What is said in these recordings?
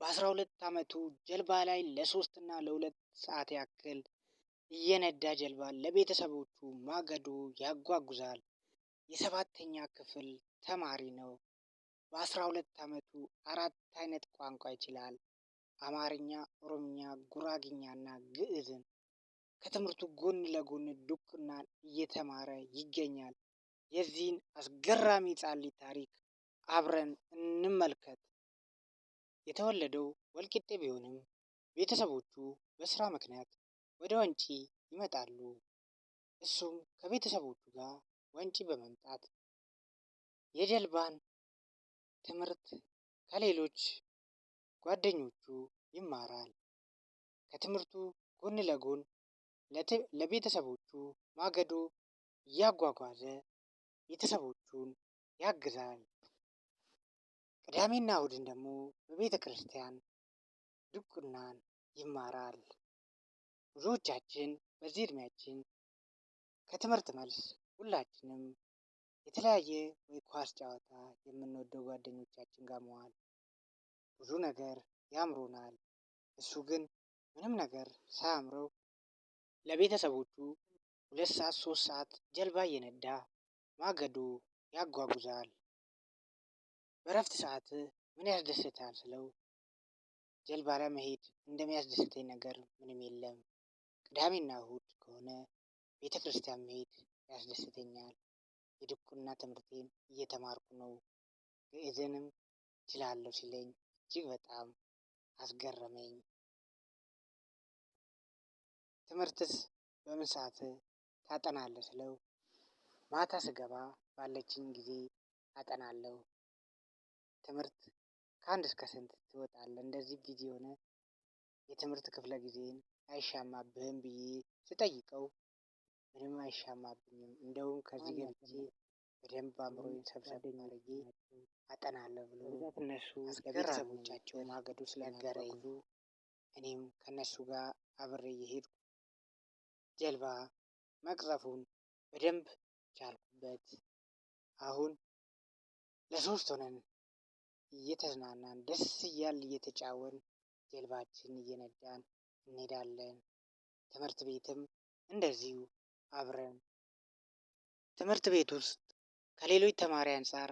በአስራ ሁለት ዓመቱ ጀልባ ላይ ለሶስትና ለሁለት ሰዓት ያክል እየነዳ ጀልባ ለቤተሰቦቹ ማገዶ ያጓጉዛል። የሰባተኛ ክፍል ተማሪ ነው። በአስራ ሁለት ዓመቱ አራት አይነት ቋንቋ ይችላል። አማርኛ፣ ኦሮምኛ፣ ጉራግኛና ግዕዝን። ከትምህርቱ ጎን ለጎን ድቁናን እየተማረ ይገኛል። የዚህን አስገራሚ ጻሊ ታሪክ አብረን እንመልከት። የተወለደው ወልቂጤ ቢሆንም ቤተሰቦቹ በስራ ምክንያት ወደ ወንጪ ይመጣሉ። እሱም ከቤተሰቦቹ ጋር ወንጪ በመምጣት የጀልባን ትምህርት ከሌሎች ጓደኞቹ ይማራል። ከትምህርቱ ጎን ለጎን ለቤተሰቦቹ ማገዶ እያጓጓዘ ቤተሰቦቹን ያግዛል። ቅዳሜና እሁድን ደግሞ በቤተ ክርስቲያን ድቁናን ይማራል። ብዙዎቻችን በዚህ እድሜያችን ከትምህርት መልስ ሁላችንም የተለያየ ወይ ኳስ ጨዋታ የምንወደው ጓደኞቻችን ጋር መዋል ብዙ ነገር ያምሮናል። እሱ ግን ምንም ነገር ሳያምረው ለቤተሰቦቹ ሁለት ሰዓት ሶስት ሰዓት ጀልባ እየነዳ ማገዶ ያጓጉዛል። በእረፍት ሰዓት ምን ያስደስታል ስለው ጀልባ ላይ መሄድ እንደሚያስደስተኝ ነገር ምንም የለም። ቅዳሜና እሁድ ከሆነ ቤተ ክርስቲያን መሄድ ያስደስተኛል። የድቁና ትምህርቴን እየተማርኩ ነው። ግእዝንም እችላለሁ ሲለኝ እጅግ በጣም አስገረመኝ። ትምህርትስ በምን ሰዓት ታጠናለህ ስለው ማታ ስገባ ባለችኝ ጊዜ አጠናለሁ። ትምህርት ከአንድ እስከ ስንት ትወጣለህ? እንደዚህ ቢዚ ሆነ የትምህርት ክፍለ ጊዜን አይሻማብህም ብዬ ስጠይቀው ምንም አይሻማብኝም እንደውም ከዚህ ገብቼ በደንብ አእምሮዬን ሰብሰብ አድርጌ አጠናለሁ ብሎ እነሱ ለቤተሰቦቻቸው ማገዱ ስለነገረኝ እኔም ከእነሱ ጋር አብሬ እየሄድኩ ጀልባ መቅዘፉን በደንብ ቻልኩበት። አሁን ለሶስት ሆነን እየተዝናናን ደስ እያል እየተጫወን ጀልባችን እየነዳን እንሄዳለን። ትምህርት ቤትም እንደዚሁ አብረን ትምህርት ቤት ውስጥ ከሌሎች ተማሪ አንጻር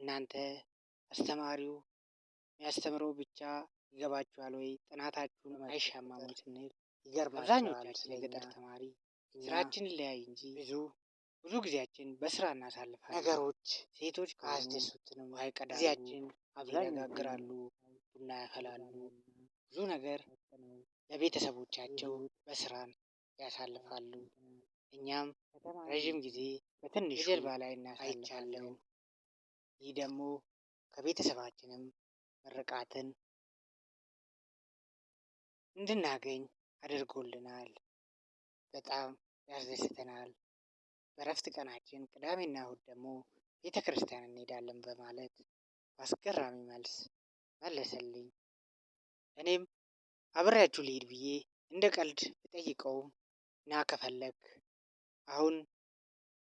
እናንተ አስተማሪው የሚያስተምረው ብቻ ይገባችኋል ወይ? ጥናታችሁን አይሻማም ስንል ይገርማል። ይገርማችኋል። ስለገጠር ተማሪ ስራችን ይለያይ እንጂ ብዙ ብዙ ጊዜያችን በስራ እናሳልፋለን። ነገሮች ሴቶች አያስደሱትንም። አይቀዳ ጊዜያችን አብዛኛው ቡና ያፈላሉ፣ ብዙ ነገር ለቤተሰቦቻቸው በስራን ያሳልፋሉ። እኛም ረዥም ጊዜ በትንሽ ጀልባ ላይ እናሳልፋለን። ይህ ደግሞ ከቤተሰባችንም ምርቃትን እንድናገኝ አድርጎልናል። በጣም ያስደስተናል። በእረፍት ቀናችን ቅዳሜና እሁድ ደግሞ ቤተ ክርስቲያን እንሄዳለን በማለት በአስገራሚ መልስ መለሰልኝ። እኔም አብሬያችሁ ልሂድ ብዬ እንደ ቀልድ ብጠይቀውም ና ከፈለግ አሁን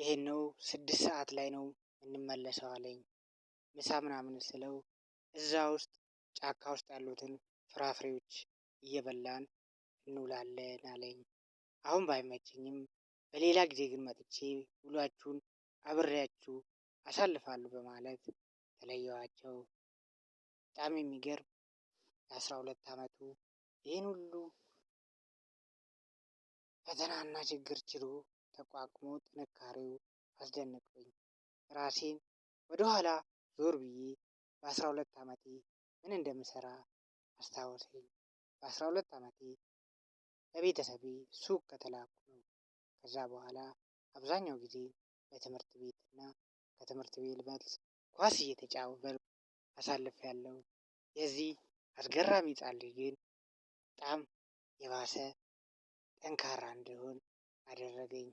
ይሄን ነው ስድስት ሰዓት ላይ ነው እንመለሰው አለኝ። ምሳ ምናምን ስለው እዛ ውስጥ ጫካ ውስጥ ያሉትን ፍራፍሬዎች እየበላን እንውላለን አለኝ። አሁን ባይመችኝም በሌላ ጊዜ ግን መጥቼ ውሏችሁን አብሬያችሁ አሳልፋለሁ በማለት ተለየዋቸው። በጣም የሚገርም የአስራ ሁለት ዓመቱ ይህን ሁሉ ፈተናና ችግር ችሎ ተቋቁሞ ጥንካሬው አስደንቆኝ ራሴን ወደኋላ ዞር ብዬ በአስራ ሁለት ዓመቴ ምን እንደምሰራ አስታወሰኝ። በአስራ ሁለት ዓመቴ ለቤተሰቤ ሱቅ ከተላኩ ከዛ በኋላ አብዛኛው ጊዜ በትምህርት ቤት እና ከትምህርት ቤት መልስ ኳስ እየተጫወትኩ ያለው። የዚህ አስገራሚ ህፃን ልጅ ግን በጣም የባሰ ጠንካራ እንዲሆን አደረገኝ።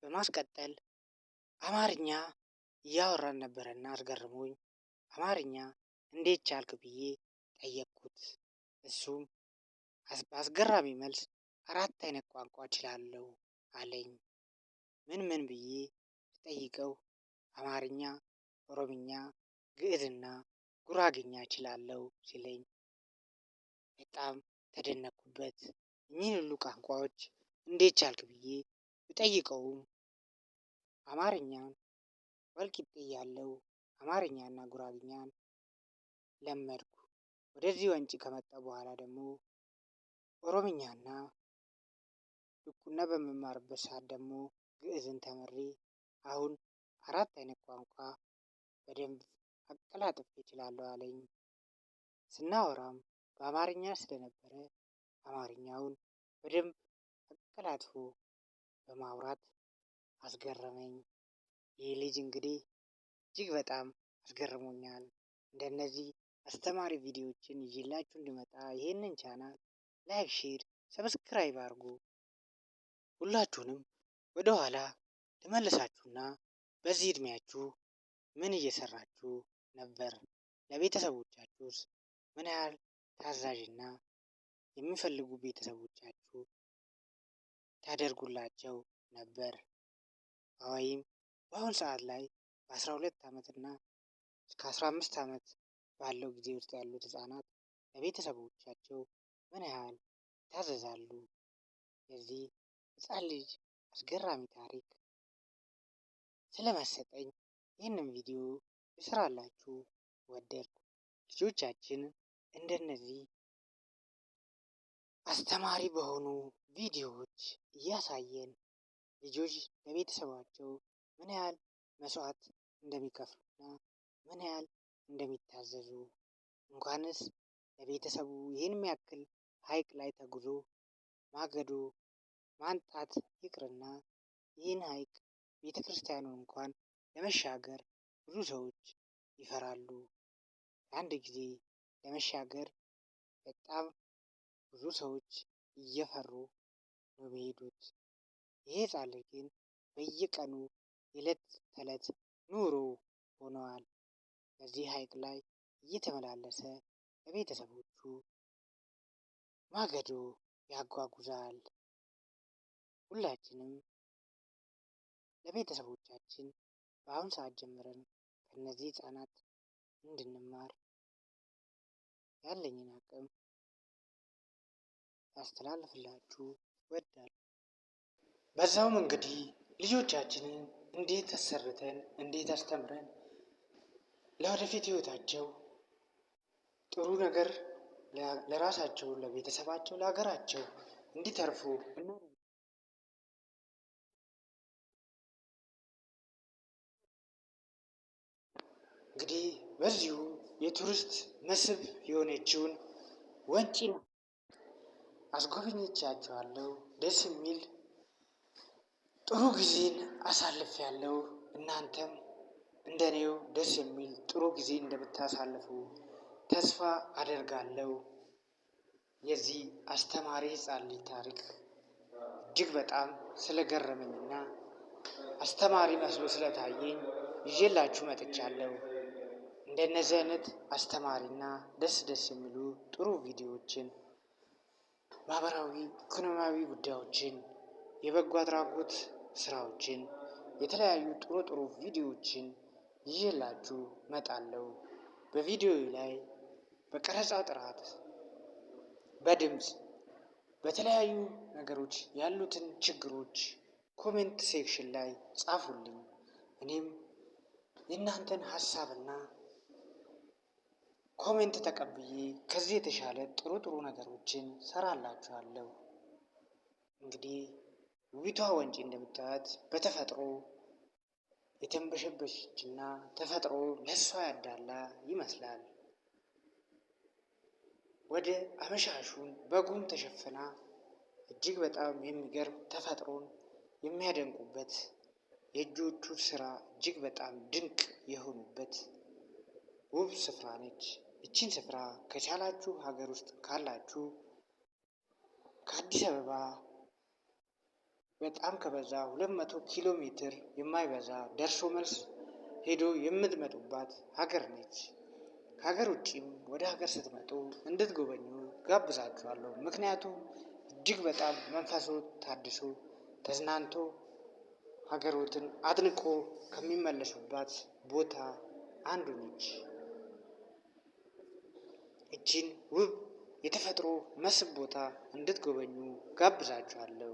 በማስቀጠል አማርኛ እያወራን ነበረና አስገርሞኝ አማርኛ እንዴት ቻልክ ብዬ ጠየቅኩት። እሱም በአስገራሚ መልስ አራት አይነት ቋንቋ እችላለሁ አለኝ። ምን ምን ብዬ ብጠይቀው አማርኛ፣ ኦሮምኛ፣ ግዕዝና ጉራግኛ እችላለሁ ሲለኝ በጣም ተደነቅኩበት። እኚህን ሁሉ ቋንቋዎች እንዴት ቻልክ ብዬ ብጠይቀውም አማርኛን ወልቂጤ እያለሁ አማርኛና ጉራግኛን ለመድኩ። ወደዚህ ወንጪ ከመጣ በኋላ ደግሞ ኦሮምኛና እና በምማርበት ሰዓት ደግሞ ግዕዝን ተምሬ አሁን አራት አይነት ቋንቋ በደንብ አቀላጥፍ እችላለሁ አለኝ። ስናወራም በአማርኛ ስለነበረ አማርኛውን በደንብ አቀላጥፎ በማውራት አስገረመኝ። ይህ ልጅ እንግዲህ እጅግ በጣም አስገርሞኛል። እንደነዚህ አስተማሪ ቪዲዮዎችን ይዤላችሁ እንድመጣ ይህንን ቻናል ላይክ፣ ሼር፣ ሰብስክራይብ አድርጉ። ሁላችሁንም ወደ ኋላ ልመልሳችሁና በዚህ እድሜያችሁ ምን እየሰራችሁ ነበር? ለቤተሰቦቻችሁስ ምን ያህል ታዛዥና የሚፈልጉ ቤተሰቦቻችሁ ታደርጉላቸው ነበር? አወይም በአሁን ሰዓት ላይ በአስራ ሁለት ዓመትና እስከ አስራ አምስት ዓመት ባለው ጊዜ ውስጥ ያሉት ህጻናት ለቤተሰቦቻቸው ምን ያህል ይታዘዛሉ? የዚህ ህፃን ልጅ አስገራሚ ታሪክ ስለመሰጠኝ ይህንን ቪዲዮ ልስራላችሁ ወደድኩ። ልጆቻችን እንደነዚህ አስተማሪ በሆኑ ቪዲዮዎች እያሳየን ልጆች ለቤተሰባቸው ምን ያህል መስዋዕት እንደሚከፍሉና ምን ያህል እንደሚታዘዙ እንኳንስ ለቤተሰቡ ይህን ያክል ሀይቅ ላይ ተጉዞ ማገዶ ማንጣት ይቅርና ይህን ሐይቅ ቤተ ክርስቲያኑን እንኳን ለመሻገር ብዙ ሰዎች ይፈራሉ። አንድ ጊዜ ለመሻገር በጣም ብዙ ሰዎች እየፈሩ ነው የሚሄዱት። ይህ ሕፃን ልጅ ግን በየቀኑ የዕለት ተዕለት ኑሮ ሆነዋል። በዚህ ሐይቅ ላይ እየተመላለሰ ለቤተሰቦቹ ማገዶ ያጓጉዛል። ሁላችንም ለቤተሰቦቻችን በአሁን ሰዓት ጀምረን ከእነዚህ ህጻናት እንድንማር ያለኝን አቅም ላስተላልፍላችሁ እወዳለሁ። በዛውም እንግዲህ ልጆቻችንን እንዴት አሰርተን እንዴት አስተምረን ለወደፊት ህይወታቸው ጥሩ ነገር ለራሳቸው፣ ለቤተሰባቸው፣ ለሀገራቸው እንዲተርፉ እንግዲህ በዚሁ የቱሪስት መስህብ የሆነችውን ወንጪን አስጎብኝቻቸዋለሁ። ደስ የሚል ጥሩ ጊዜን ያለው እናንተም እንደኔው ደስ የሚል ጥሩ ጊዜ እንደምታሳልፉ ተስፋ አደርጋለሁ። የዚህ አስተማሪ ሕፃን ልጅ ታሪክ እጅግ በጣም ስለገረመኝና አስተማሪ መስሎ ስለታየኝ ይዤላችሁ መጥቻለሁ። እንደነዚህ አይነት አስተማሪና ደስ ደስ የሚሉ ጥሩ ቪዲዮዎችን ማህበራዊ፣ ኢኮኖሚያዊ ጉዳዮችን፣ የበጎ አድራጎት ስራዎችን፣ የተለያዩ ጥሩ ጥሩ ቪዲዮዎችን ይዤላችሁ መጣለሁ። በቪዲዮ ላይ በቀረጻ ጥራት፣ በድምፅ፣ በተለያዩ ነገሮች ያሉትን ችግሮች ኮሜንት ሴክሽን ላይ ጻፉልኝ። እኔም የእናንተን ሀሳብና ኮሜንት ተቀብዬ ከዚህ የተሻለ ጥሩ ጥሩ ነገሮችን ሰራላችኋለሁ። እንግዲህ ውቢቷ ወንጪ እንደምታዩት በተፈጥሮ እና ተፈጥሮ ለሷ ያዳላ ይመስላል። ወደ አመሻሹን በጉም ተሸፍና እጅግ በጣም የሚገርም ተፈጥሮን የሚያደንቁበት የእጆቹ ስራ እጅግ በጣም ድንቅ የሆኑበት ውብ ስፍራ ነች። እችን ስፍራ ከቻላችሁ ሀገር ውስጥ ካላችሁ ከአዲስ አበባ በጣም ከበዛ ሁለት መቶ ኪሎ ሜትር የማይበዛ ደርሶ መልስ ሄዶ የምትመጡባት ሀገር ነች። ከሀገር ውጭም ወደ ሀገር ስትመጡ እንድትጎበኙ ጋብዛችኋለሁ። ምክንያቱም እጅግ በጣም መንፈሶ ታድሶ ተዝናንቶ ሀገሮትን አድንቆ ከሚመለሱባት ቦታ አንዱ ነች። ይህችን ውብ የተፈጥሮ መስህብ ቦታ እንድትጎበኙ ጋብዛችኋለሁ።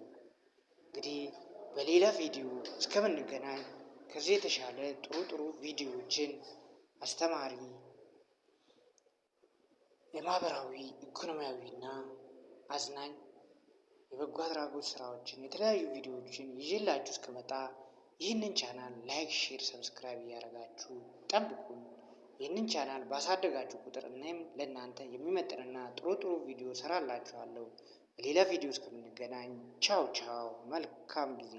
እንግዲህ በሌላ ቪዲዮ እስከምንገናኝ ከዚህ የተሻለ ጥሩ ጥሩ ቪዲዮዎችን አስተማሪ የማህበራዊ ኢኮኖሚያዊና አዝናኝ የበጎ አድራጎት ስራዎችን የተለያዩ ቪዲዮዎችን ይዤላችሁ እስከመጣ ይህንን ቻናል ላይክ፣ ሼር፣ ሰብስክራይብ እያደረጋችሁ ጠብቁን። ይህንን ቻናል ባሳደጋችሁ ቁጥር እኔም ለእናንተ የሚመጥንና ጥሩ ጥሩ ቪዲዮ ሰራላችኋለሁ። በሌላ ቪዲዮ እስከምንገናኝ ቻው ቻው፣ መልካም ጊዜ